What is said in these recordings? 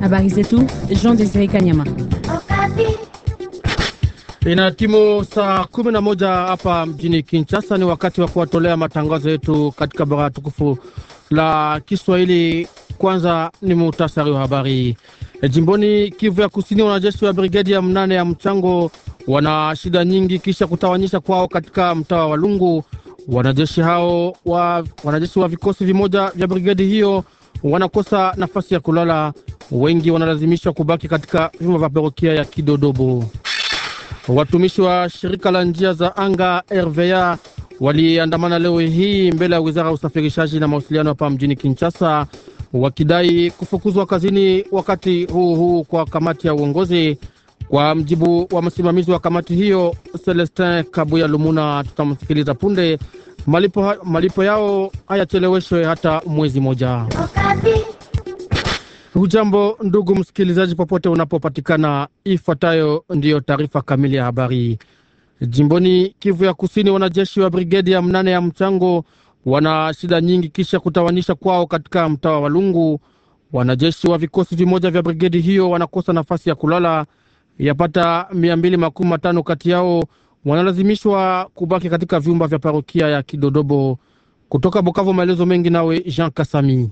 Habari zetu Jean Desire Kanyama. Ina timu saa kumi na moja hapa mjini Kinshasa. Ni wakati wa kuwatolea matangazo yetu katika bara tukufu la Kiswahili. Kwanza ni muhtasari wa habari. E, jimboni Kivu ya Kusini, wanajeshi wa brigedi ya mnane ya mchango wana shida nyingi kisha kutawanyisha kwao katika mtaa wa Lungu Wanajeshi hao wa, wanajeshi wa vikosi vimoja vya brigedi hiyo wanakosa nafasi ya kulala, wengi wanalazimishwa kubaki katika vyumba vya parokia ya Kidodobo. Watumishi wa shirika la njia za anga RVA waliandamana leo hii mbele ya wizara ya usafirishaji na mawasiliano hapa mjini Kinshasa wakidai kufukuzwa kazini wakati huu huu kwa kamati ya uongozi kwa mjibu wa msimamizi wa kamati hiyo Celestin Kabuya Lumuna, tutamsikiliza punde. Malipo, malipo yao hayacheleweshwe hata mwezi moja. Hujambo ndugu msikilizaji, popote unapopatikana, ifuatayo ndiyo taarifa kamili ya habari. Jimboni Kivu ya Kusini, wanajeshi wa brigedi ya mnane ya mchango wana shida nyingi kisha kutawanisha kwao katika mtaa wa Walungu. Wanajeshi wa vikosi vimoja vya brigedi hiyo wanakosa nafasi ya kulala yapata mia mbili makumi matano kati yao wanalazimishwa kubaki katika vyumba vya parokia ya Kidodobo. Kutoka Bukavu, maelezo mengi nawe Jean Kasami.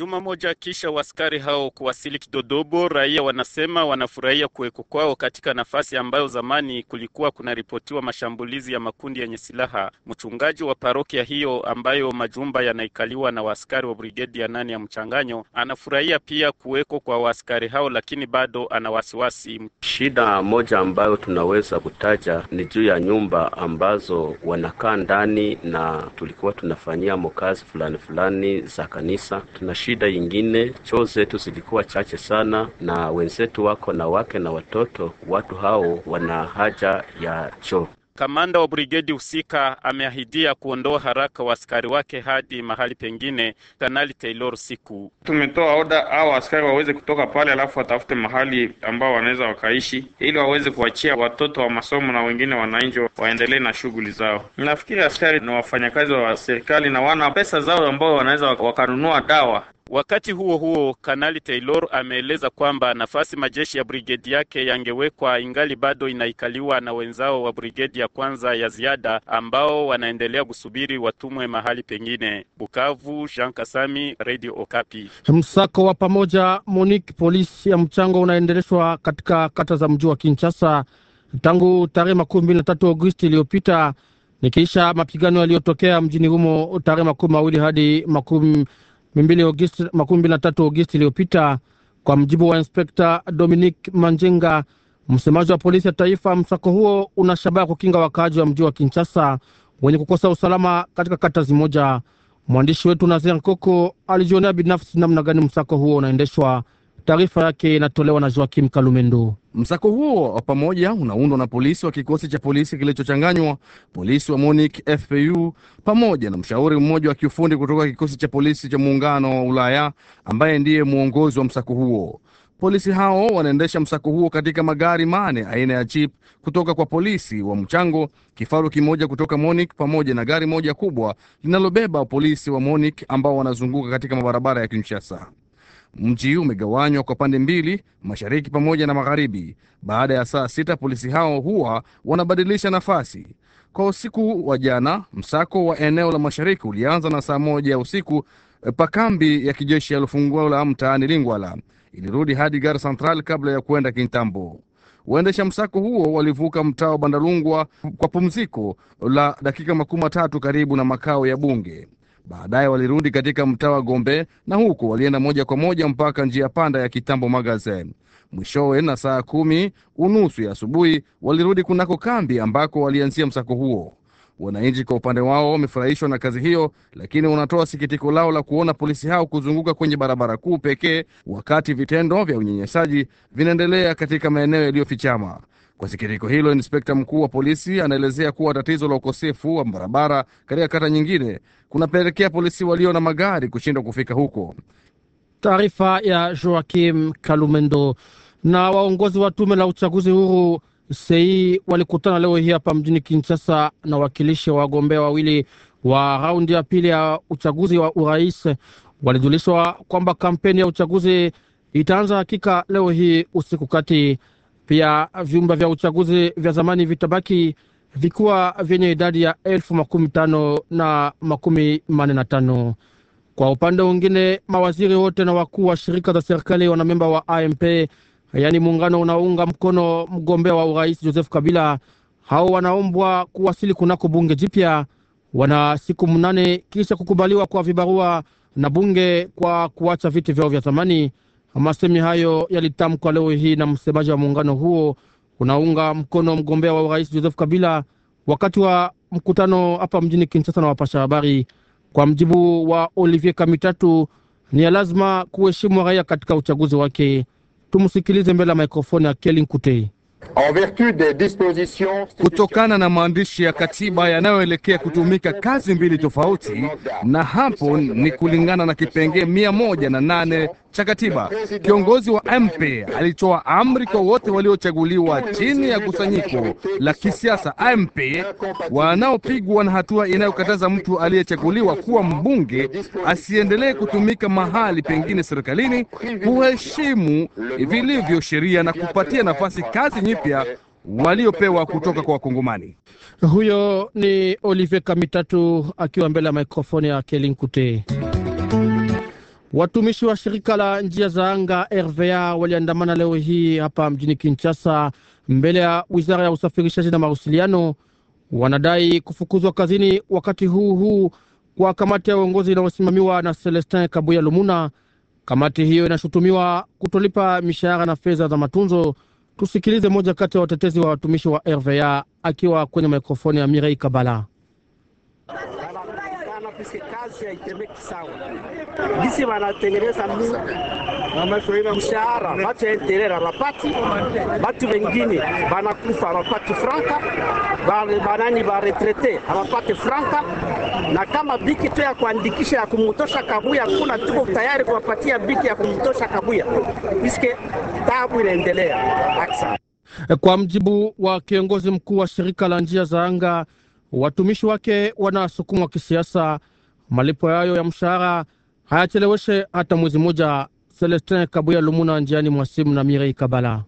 Juma moja kisha waskari hao kuwasili Kidodobo, raia wanasema wanafurahia kuweko kwao katika nafasi ambayo zamani kulikuwa kunaripotiwa mashambulizi ya makundi yenye silaha. Mchungaji wa parokia hiyo ambayo majumba yanaikaliwa na waskari wa brigedi ya nane ya mchanganyo anafurahia pia kuweko kwa waskari hao, lakini bado ana wasiwasi. Shida moja ambayo tunaweza kutaja ni juu ya nyumba ambazo wanakaa ndani, na tulikuwa tunafanyia mokazi fulani fulani za kanisa tuna shida yingine, choo zetu zilikuwa chache sana, na wenzetu wako na wake na watoto, watu hao wana haja ya choo. Kamanda wa brigedi husika ameahidia kuondoa haraka wa askari wake hadi mahali pengine. Kanali Taylor siku tumetoa oda au askari waweze kutoka pale, alafu watafute mahali ambao wanaweza wakaishi, ili waweze kuachia watoto wa masomo na wengine wananchi waendelee na shughuli zao. Nafikiri askari ni wafanyakazi wa serikali na wana pesa zao ambao wanaweza wakanunua dawa. Wakati huo huo, Kanali Taylor ameeleza kwamba nafasi majeshi ya brigedi yake yangewekwa ingali bado inaikaliwa na wenzao wa brigedi ya kwanza ya ziada ambao wanaendelea kusubiri watumwe mahali pengine. Bukavu, Jean Kasami, Radio Okapi. Msako wa pamoja Monique polisi ya mchango unaendeleshwa katika kata za mji wa Kinshasa tangu tarehe makumi mbili na tatu Agosti iliyopita nikiisha mapigano yaliyotokea mjini humo tarehe makumi mawili hadi makumi makumi mbili na tatu Agosti iliyopita, kwa mjibu wa Inspekta Dominic Manjenga, msemaji wa polisi ya taifa. Msako huo una shabaha kukinga wakaaji wa mji wa Kinshasa wenye kukosa usalama katika kata zimoja. Mwandishi wetu Nazer Koko alijionea binafsi namna gani msako huo unaendeshwa. Taarifa yake inatolewa na Joakim Kalumendo. Msako huo wa pamoja unaundwa na polisi wa kikosi cha polisi kilichochanganywa, polisi wa MONUC FPU pamoja na mshauri mmoja wa kiufundi kutoka kikosi cha polisi cha muungano wa Ulaya ambaye ndiye mwongozi wa msako huo. Polisi hao wanaendesha msako huo katika magari mane aina ya chip kutoka kwa polisi wa mchango, kifaru kimoja kutoka MONUC pamoja na gari moja kubwa linalobeba polisi wa MONUC ambao wanazunguka katika mabarabara ya Kinshasa. Mji umegawanywa kwa pande mbili, mashariki pamoja na magharibi. Baada ya saa sita polisi hao huwa wanabadilisha nafasi. Kwa usiku wa jana, msako wa eneo la mashariki ulianza na saa moja ya usiku eh, pa kambi ya kijeshi ya Lufungula mtaani Lingwala, ilirudi hadi Gar Central kabla ya kuenda Kintambo. Waendesha msako huo walivuka mtaa wa Bandalungwa kwa pumziko la dakika makumi matatu karibu na makao ya bunge. Baadaye walirudi katika mtaa wa Gombe na huko walienda moja kwa moja mpaka njia panda ya Kitambo magazin Mwishowe na saa kumi unusu ya asubuhi walirudi kunako kambi ambako walianzia msako huo. Wananchi kwa upande wao wamefurahishwa na kazi hiyo, lakini wanatoa sikitiko lao la kuona polisi hao kuzunguka kwenye barabara kuu pekee, wakati vitendo vya unyenyesaji vinaendelea katika maeneo yaliyofichama. Kwa sikitiko hilo, inspekta mkuu wa polisi anaelezea kuwa tatizo la ukosefu wa barabara katika kata nyingine kunapelekea polisi walio na magari kushindwa kufika huko. Taarifa ya Joakim Kalumendo. Na waongozi wa tume la uchaguzi huru sei walikutana leo hii hapa mjini Kinshasa na wakilishi wa wagombea wawili wa raundi ya pili ya uchaguzi wa urais. Walijulishwa kwamba kampeni ya uchaguzi itaanza hakika leo hii usiku kati pia vyumba vya uchaguzi vya zamani vitabaki vikiwa vyenye idadi ya elfu makumi tano na makumi manne na tano. Kwa upande mwingine, mawaziri wote na wakuu wa shirika za serikali wanamemba wa AMP, yaani muungano unaounga mkono mgombea wa urais Joseph Kabila, hao wanaombwa kuwasili kunako bunge jipya. Wana siku mnane kisha kukubaliwa kwa vibarua na bunge kwa kuacha viti vyao vya zamani. Masemi hayo yalitamkwa leo hii na msemaji wa muungano huo unaunga mkono mgombea wa urais Joseph Kabila wakati wa mkutano hapa mjini Kinshasa na wapasha habari. Kwa mjibu wa Olivier Kamitatu, ni ya lazima kuheshimu raia katika uchaguzi wake. Tumsikilize mbele ya mikrofoni ya Kelin Kutei. Kutokana na maandishi ya katiba yanayoelekea kutumika kazi mbili tofauti, na hapo ni kulingana na kipengee mia moja na nane cha katiba, kiongozi wa MP alitoa amri kwa wote waliochaguliwa chini ya kusanyiko la kisiasa MP wanaopigwa na hatua inayokataza mtu aliyechaguliwa kuwa mbunge asiendelee kutumika mahali pengine serikalini, kuheshimu vilivyo sheria na kupatia nafasi kazi nyipya waliopewa kutoka kwa Wakongomani. Huyo ni Olivier Kamitatu akiwa mbele ya mikrofoni ya Kelin Kute. Watumishi wa shirika la njia za anga RVA waliandamana leo hii hapa mjini Kinshasa mbele ya wizara ya usafirishaji na mawasiliano. Wanadai kufukuzwa kazini wakati huu huu kwa kamati ya uongozi inayosimamiwa na Celestin Kabuya Lumuna. Kamati hiyo inashutumiwa kutolipa mishahara na fedha za matunzo. Tusikilize moja kati ya watetezi wa watumishi wa RVA akiwa kwenye mikrofoni ya Mirei Kabala kazi haitemeki sawa, gisi wanatengeneza mshahara batu ya rapati batu wengine banakufa rapati franka banani baretrete hawapate franka, na kama biki tu ya kuandikisha ya kumutosha Kabuya kuna tuko tayari kuwapatia biki ya kumutosha Kabuya iske tabu inaendelea. Kwa mjibu wa kiongozi mkuu wa shirika la njia za anga watumishi wake wanasukumwa kisiasa. Malipo yayo ya mshahara hayacheleweshe hata mwezi mmoja. Celestin Kabuya Lumuna njiani mwasimu na Mirei Kabala.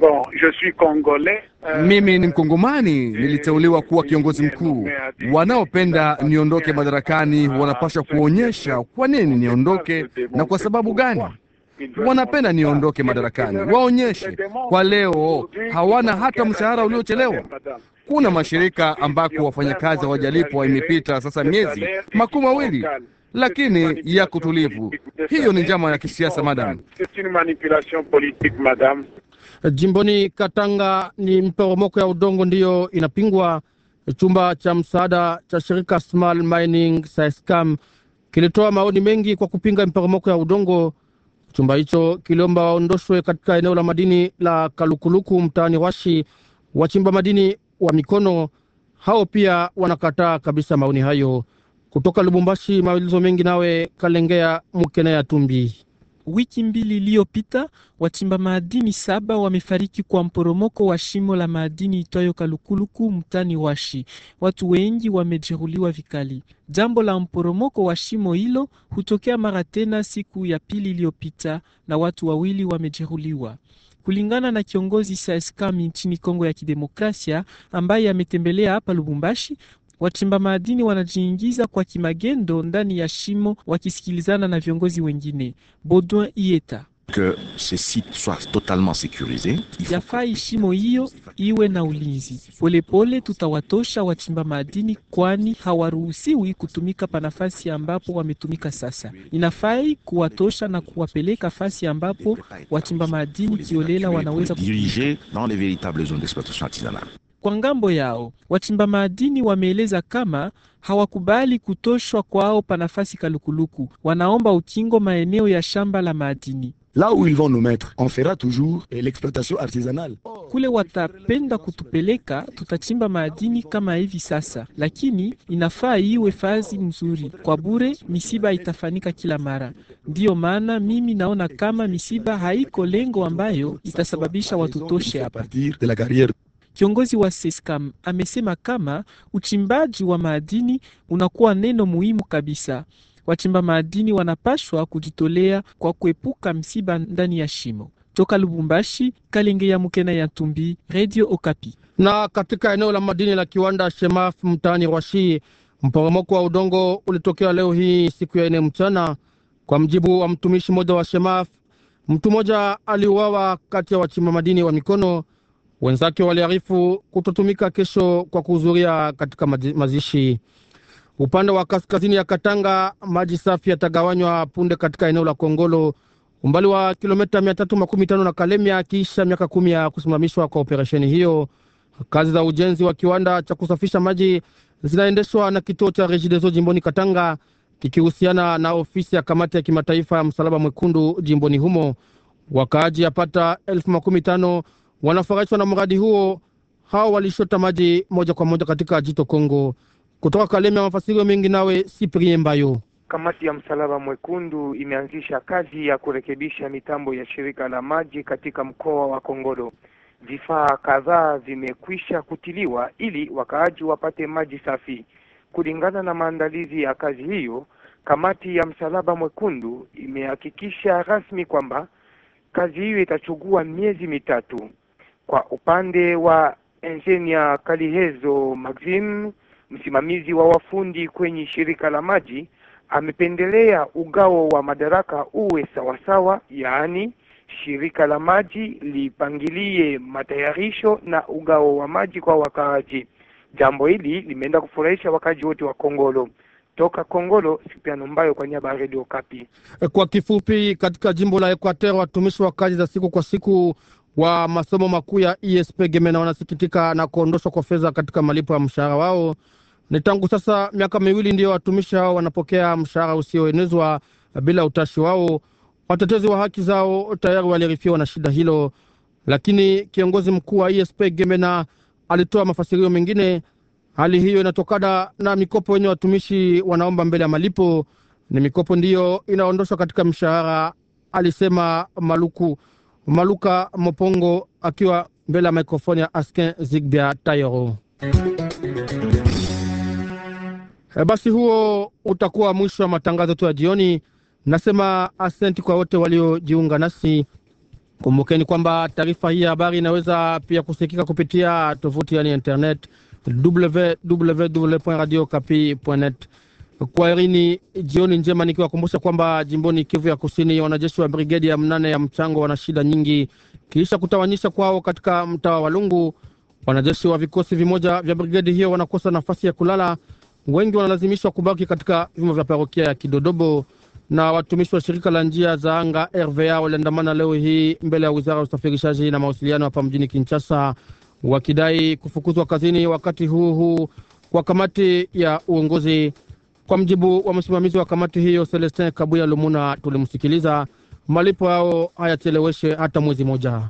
Bon, je suis Congolais. Euh, Mimi ni Mkongomani, niliteuliwa kuwa kiongozi mkuu. Wanaopenda niondoke madarakani wanapaswa kuonyesha kwa nini niondoke na kwa sababu gani wanapenda niondoke madarakani. Waonyeshe kwa leo, hawana hata mshahara uliochelewa. Kuna mashirika ambako wafanyakazi hawajalipwa imepita sasa miezi makuu mawili, lakini ya kutulivu. Hiyo ni njama ya kisiasa madam. Jimboni Katanga ni mporomoko ya udongo ndiyo inapingwa. Chumba cha msaada cha shirika Small Mining kilitoa maoni mengi kwa kupinga mporomoko ya udongo. Chumba hicho kiliomba waondoshwe katika eneo la madini la Kalukuluku mtaani Washi. Wachimba madini wa mikono. Hao pia wanakataa kabisa maoni hayo. Kutoka Lubumbashi, maelezo mengi nawe Kalengea Mukena ya Tumbi. Wiki mbili iliyopita wachimba maadini saba wamefariki kwa mporomoko wa shimo la maadini itwayo Kalukuluku mtani Washi. Watu wengi wamejeruhiwa vikali. Jambo la mporomoko wa shimo hilo hutokea mara tena siku ya pili iliyopita, na watu wawili wamejeruhiwa. Kulingana na kiongozi Saiskam nchini Kongo ya Kidemokrasia ambaye ametembelea hapa Lubumbashi, wachimba madini wanajiingiza kwa kimagendo ndani ya shimo wakisikilizana na viongozi wengine. Baudouin Ieta que ce site soit totalement sécurisé. Yafaa heshimo hiyo iwe na ulinzi. Polepole tutawatosha wachimba madini, kwani hawaruhusiwi kutumika pa nafasi ambapo wametumika sasa. Inafai kuwatosha na kuwapeleka fasi ambapo wachimba madini kiolela wanaweza kutumika. Kwa ngambo yao, wachimba madini wameeleza kama hawakubali kutoshwa kwao pa nafasi Kalukuluku, wanaomba ukingo maeneo ya shamba la madini. la où ils vont nous mettre, on fera toujours l'exploitation artisanale. Kule watapenda kutupeleka tutachimba madini kama hivi sasa, lakini inafaa iwe fazi mzuri. Kwa bure misiba itafanika kila mara. Ndiyo maana mimi naona kama misiba haiko lengo ambayo itasababisha watutoshe hapa. Kiongozi wa Sescam amesema kama uchimbaji wa madini unakuwa neno muhimu kabisa. Wachimba madini wanapashwa kujitolea kwa kuepuka msiba ndani ya shimo. Toka Lubumbashi, Kalenge ya Mukena ya Tumbi, Radio Okapi. Na katika eneo la madini la kiwanda Shemaf mtaani Rwashi, mporomoko wa udongo ulitokea leo hii siku ya ine mchana. Kwa mjibu wa mtumishi mmoja wa Shemaf, mtu mmoja aliuawa kati ya wachimba madini wa mikono Wenzake waliarifu kutotumika kesho kwa kuhudhuria katika mazishi. Upande wa kaskazini ya Katanga, maji safi yatagawanywa punde katika eneo la Kongolo, umbali wa kilomita 315 na Kalemia, kisha miaka kumi ya kusimamishwa kwa operesheni hiyo. Kazi za ujenzi wa kiwanda cha kusafisha maji zinaendeshwa na kituo cha Regideso jimboni Katanga kikihusiana na ofisi ya kamati ya kimataifa ya msalaba mwekundu jimboni humo. Wakaaji yapata elfu makumi tano wanafurahishwa na mradi huo. Hao walishota maji moja kwa moja katika jito Kongo. Kutoka Kalemi ya mafasirio mengi nawe Siprie Mbayo. Kamati ya Msalaba Mwekundu imeanzisha kazi ya kurekebisha mitambo ya shirika la maji katika mkoa wa Kongolo. Vifaa kadhaa vimekwisha kutiliwa ili wakaaji wapate maji safi. Kulingana na maandalizi ya kazi hiyo, kamati ya Msalaba Mwekundu imehakikisha rasmi kwamba kazi hiyo itachukua miezi mitatu. Kwa upande wa Enjinia Kalihezo Maxim, msimamizi wa wafundi kwenye shirika la maji, amependelea ugao wa madaraka uwe sawasawa, yaani shirika la maji lipangilie matayarisho na ugao wa maji kwa wakaaji. Jambo hili limeenda kufurahisha wakaaji wote wa Kongolo. Toka Kongolo, Sipiano Mbayo kwa niaba ya Radio Kapi. Kwa kifupi, katika jimbo la Equateur watumishi wa kazi za siku kwa siku wa masomo makuu ya ESP Gemena wanasikitika na kuondoshwa kwa fedha katika malipo ya mshahara wao. Ni tangu sasa miaka miwili ndiyo watumishi hao wanapokea mshahara usioenezwa bila utashi wao. Watetezi wa haki zao tayari walirifiwa na shida hilo, lakini kiongozi mkuu wa ESP Gemena alitoa mafasirio mengine. Hali hiyo inatokana na mikopo yenye watumishi wanaomba mbele ya malipo. Ni mikopo ndiyo inaondoshwa katika mshahara, alisema Maluku. Maluka Mopongo akiwa mbele ya mikrofoni ya Askin Zigbia Tayoro. E, basi huo utakuwa mwisho wa matangazo yetu ya jioni. Nasema asenti kwa wote waliojiunga nasi. Kumbukeni kwamba taarifa hii ya habari inaweza pia kusikika kupitia tovuti yani internet www.radiokapi.net. Kwaherini, jioni njema, nikiwakumbusha kwamba jimboni Kivu ya Kusini, wanajeshi wa brigedi ya mnane ya mchango wana shida nyingi kisha kutawanyisha kwao katika mtaa wa Lungu. Wanajeshi wa vikosi vimoja vya brigedi hiyo wanakosa nafasi ya kulala, wengi wanalazimishwa kubaki katika vyumba vya parokia ya Kidodobo. Na watumishi wa shirika la njia za anga RVA waliandamana leo hii mbele ya wizara ya usafirishaji na mawasiliano hapa mjini Kinshasa, wakidai kufukuzwa kazini wakati huu huu kwa kamati ya uongozi kwa mjibu wa msimamizi wa kamati hiyo Celestin Kabuya Lumuna, tulimsikiliza, malipo yao hayacheleweshe hata mwezi moja.